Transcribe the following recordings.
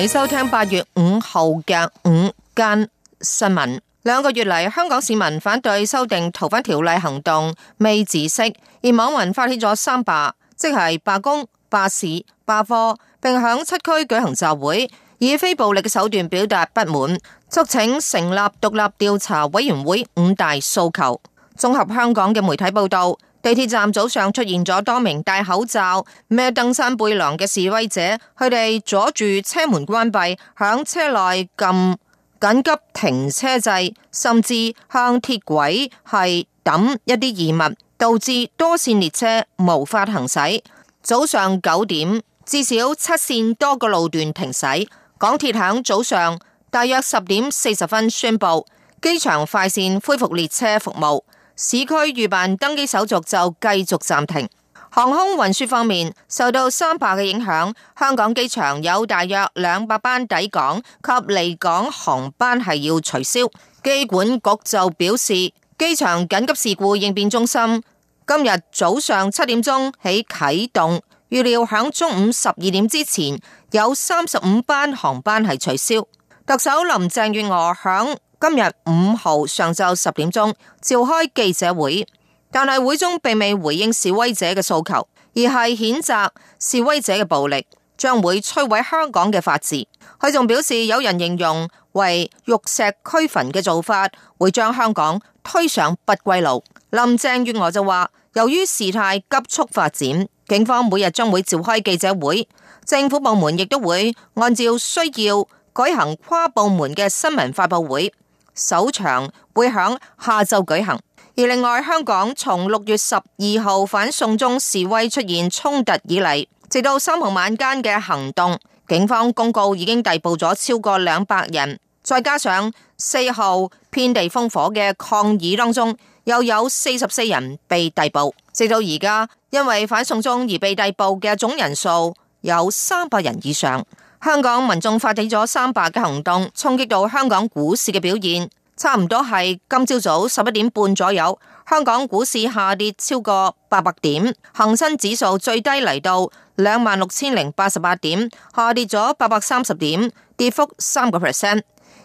你收聽八月五號嘅午間新聞。兩個月嚟，香港市民反對修訂逃犯條例行動未止息，而網民發起咗三罷，即係罷工、罷市、罷課，並響七區舉行集會，以非暴力嘅手段表達不滿，促請成立獨立調查委員會五大訴求。綜合香港嘅媒體報道。地鐵站早上出現咗多名戴口罩、孭登山背囊嘅示威者，佢哋阻住車門關閉，響車內撳緊急停車掣，甚至向鐵軌係抌一啲異物，導致多綫列車無法行駛。早上九點，至少七綫多個路段停駛。港鐵響早上大約十點四十分宣布，機場快綫恢復列車服務。市區預辦登機手續就繼續暫停。航空運輸方面受到三罷嘅影響，香港機場有大約兩百班抵港及離港航班係要取消。機管局就表示，機場緊急事故應變中心今日早上七點鐘起啟動，預料響中午十二點之前有三十五班航班係取消。特首林鄭月娥響今日五號上晝十點鐘召開記者會，但係會中並未回應示威者嘅訴求，而係譴責示威者嘅暴力將會摧毀香港嘅法治。佢仲表示，有人形容為玉石俱焚嘅做法會將香港推上不歸路。林鄭月娥就話，由於事態急速發展，警方每日將會召開記者會，政府部門亦都會按照需要舉行跨部門嘅新聞發佈會。首場會響下晝舉行，而另外香港從六月十二號反送中示威出現衝突以嚟，直到三號晚間嘅行動，警方公告已經逮捕咗超過兩百人，再加上四號遍地烽火嘅抗議當中，又有四十四人被逮捕，直到而家因為反送中而被逮捕嘅總人數有三百人以上。香港民眾發起咗三罷嘅行動，衝擊到香港股市嘅表現，差唔多係今朝早十一點半左右，香港股市下跌超過八百點，恒生指數最低嚟到兩萬六千零八十八點，下跌咗八百三十點，跌幅三個 percent。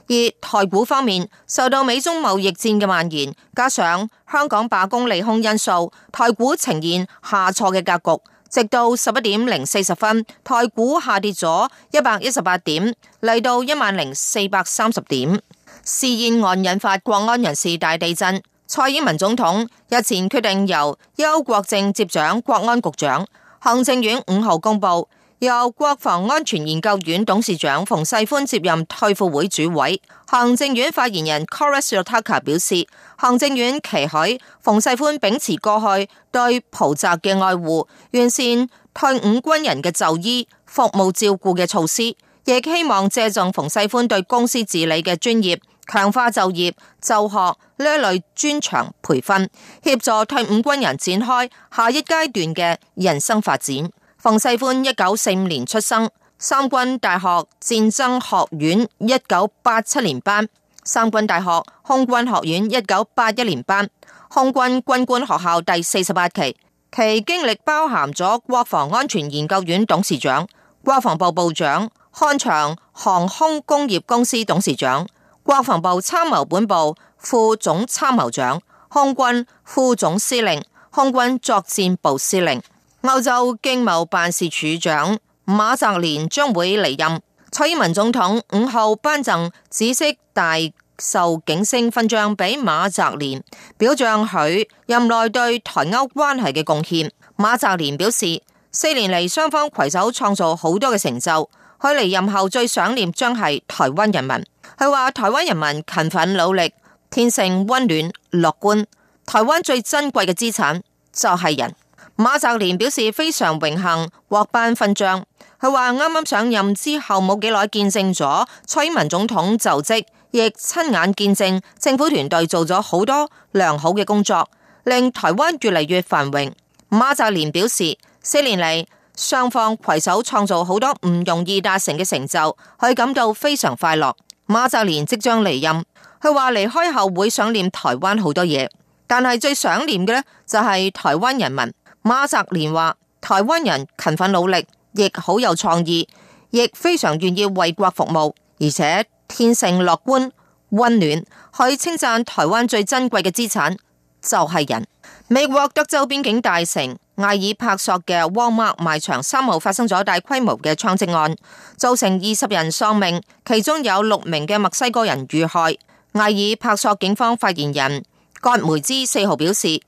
而台股方面，受到美中貿易戰嘅蔓延，加上香港罷工利空因素，台股呈現下挫嘅格局。直到十一點零四十分，台股下跌咗一百一十八點，嚟到一萬零四百三十點。事件案，引發國安人事大地震，蔡英文總統日前決定由邱國正接掌國安局長，行政院五號公布。由國防安全研究院董事長馮世寬接任退輔會主委，行政院發言人 Kolas Yotaka 表示，行政院期許馮世寬秉持過去對袍澤嘅愛護，完善退伍軍人嘅就醫、服務照顧嘅措施，亦希望借重馮世寬對公司治理嘅專業，強化就業、就學呢一類專長培訓，協助退伍軍人展開下一階段嘅人生發展。馮世寬一九四五年出生，三軍大學戰爭學院一九八七年班，三軍大學空軍學院一九八一年班，空軍軍官學校第四十八期。其經歷包含咗國防安全研究院董事長、國防部部長、漢翔航空工業公司董事長、國防部參謀本部副總參謀長、空軍副總司令、空軍作戰部司令。歐洲經貿辦事處長馬澤連將會離任，蔡英文總統五號頒贈紫色大綬景星勳章俾馬澤連，表彰佢任內對台歐關係嘅貢獻。馬澤連表示，四年嚟雙方攜手創造好多嘅成就，佢離任後最想念將係台灣人民。佢話台灣人民勤奮努力、天性溫暖、樂觀，台灣最珍貴嘅資產就係人。馬澤蓮表示非常榮幸獲頒勳章。佢話啱啱上任之後冇幾耐，見證咗蔡英文總統就職，亦親眼見證政府團隊做咗好多良好嘅工作，令台灣越嚟越繁榮。馬澤蓮表示，四年嚟雙方攜手創造好多唔容易達成嘅成就，佢感到非常快樂。馬澤蓮即將離任，佢話離開後會想念台灣好多嘢，但係最想念嘅呢，就係台灣人民。馬澤連話：台灣人勤奮努力，亦好有創意，亦非常願意為國服務，而且天性樂觀溫暖。去稱讚台灣最珍貴嘅資產就係人。美國德州邊境大城艾爾柏索嘅沃爾瑪賣場三號發生咗大規模嘅槍擊案，造成二十人喪命，其中有六名嘅墨西哥人遇害。艾爾柏索警方發言人戈梅茲四號表示。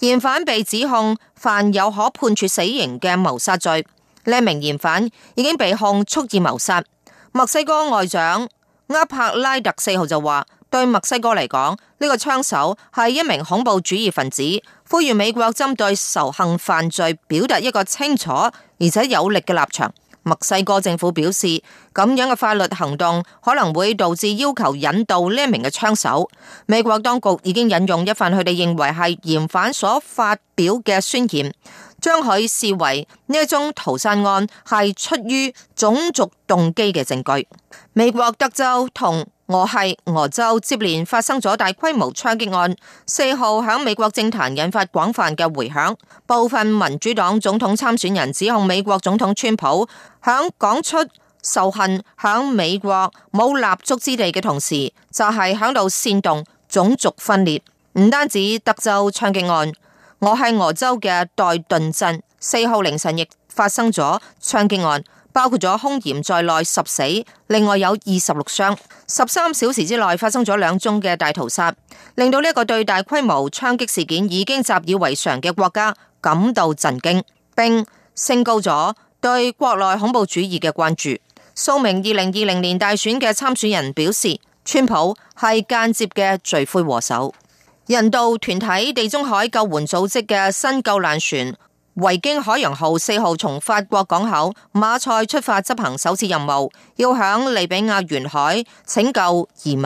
嫌犯被指控犯有可判處死刑嘅謀殺罪，呢名嫌犯已經被控蓄意謀殺。墨西哥外長厄帕拉特四號就話，對墨西哥嚟講，呢個槍手係一名恐怖主義分子，呼籲美國針對仇恨犯罪表達一個清楚而且有力嘅立場。墨西哥政府表示，咁樣嘅法律行動可能會導致要求引渡呢名嘅槍手。美國當局已經引用一份佢哋認為係嫌犯所發表嘅宣言，將佢視為呢一宗屠殺案係出於種族動機嘅證據。美國德州同。我係俄州接連發生咗大規模槍擊案，四號響美國政壇引發廣泛嘅回響，部分民主黨總統參選人指控美國總統川普響講出仇恨、響美國冇立足之地嘅同時，就係響度煽動種族分裂。唔單止德州槍擊案，我係俄州嘅代頓鎮，四號凌晨亦發生咗槍擊案。包括咗兇嫌在內十死，另外有二十六傷。十三小時之內發生咗兩宗嘅大屠殺，令到呢一個對大規模槍擊事件已經習以為常嘅國家感到震驚，並升高咗對國內恐怖主義嘅關注。數名二零二零年大選嘅參選人表示，川普係間接嘅罪魁禍首。人道團體地中海救援組織嘅新救難船。維京海洋號四號從法國港口馬賽出發執行首次任務，要響利比亞沿海拯救移民。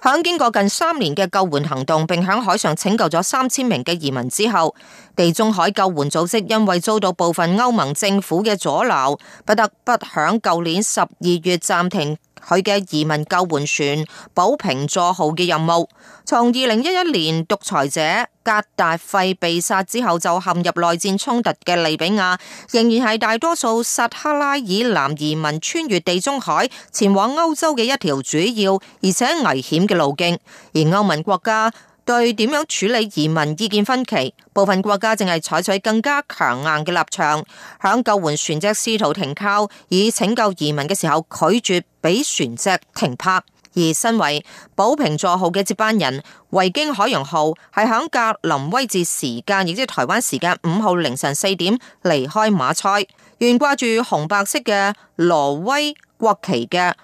響經過近三年嘅救援行動，並響海上拯救咗三千名嘅移民之後，地中海救援組織因為遭到部分歐盟政府嘅阻撓，不得不響舊年十二月暫停。佢嘅移民救援船“保平助號”嘅任務，從二零一一年獨裁者格達費被殺之後就陷入內戰衝突嘅利比亞，仍然係大多數撒哈拉以南移民穿越地中海前往歐洲嘅一條主要而且危險嘅路徑，而歐盟國家。對點樣處理移民意見分歧，部分國家淨係採取更加強硬嘅立場，響救援船隻試圖停靠以拯救移民嘅時候，拒絕俾船隻停泊。而身為保平座號嘅接班人，維京海洋號係響格林威治時間，亦即係台灣時間五號凌晨四點離開馬賽，懸掛住紅白色嘅挪威國旗嘅。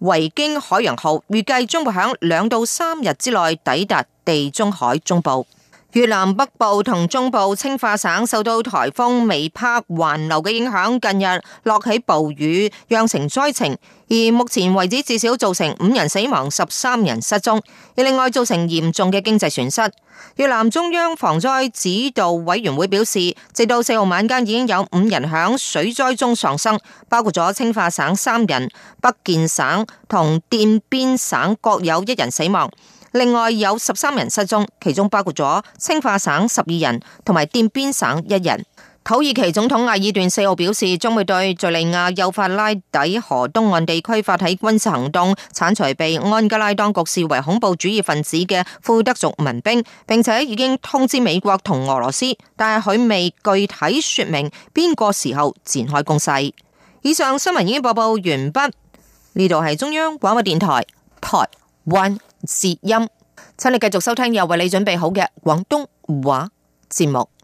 維京海洋號預計將會喺兩到三日之內抵達地中海中部。越南北部同中部清化省受到台風韋帕環流嘅影響，近日落起暴雨，釀成災情。而目前為止，至少造成五人死亡、十三人失蹤，亦另外造成嚴重嘅經濟損失。越南中央防災指導委員會表示，直到四號晚間，已經有五人響水災中喪生，包括咗清化省三人、北建省同奠邊省各有一人死亡。另外有十三人失蹤，其中包括咗清化省十二人，同埋滇邊省一人。土耳其總統艾爾段四號表示，將會對敘利亞幼發拉底河東岸地區發起軍事行動，鏟除被安卡拉當局視為恐怖主義分子嘅庫德族民兵，並且已經通知美國同俄羅斯，但係佢未具體說明邊個時候展開攻勢。以上新聞已經播報完畢，呢度係中央廣播電台台灣。節音，請你繼續收聽又為你準備好嘅廣東話節目。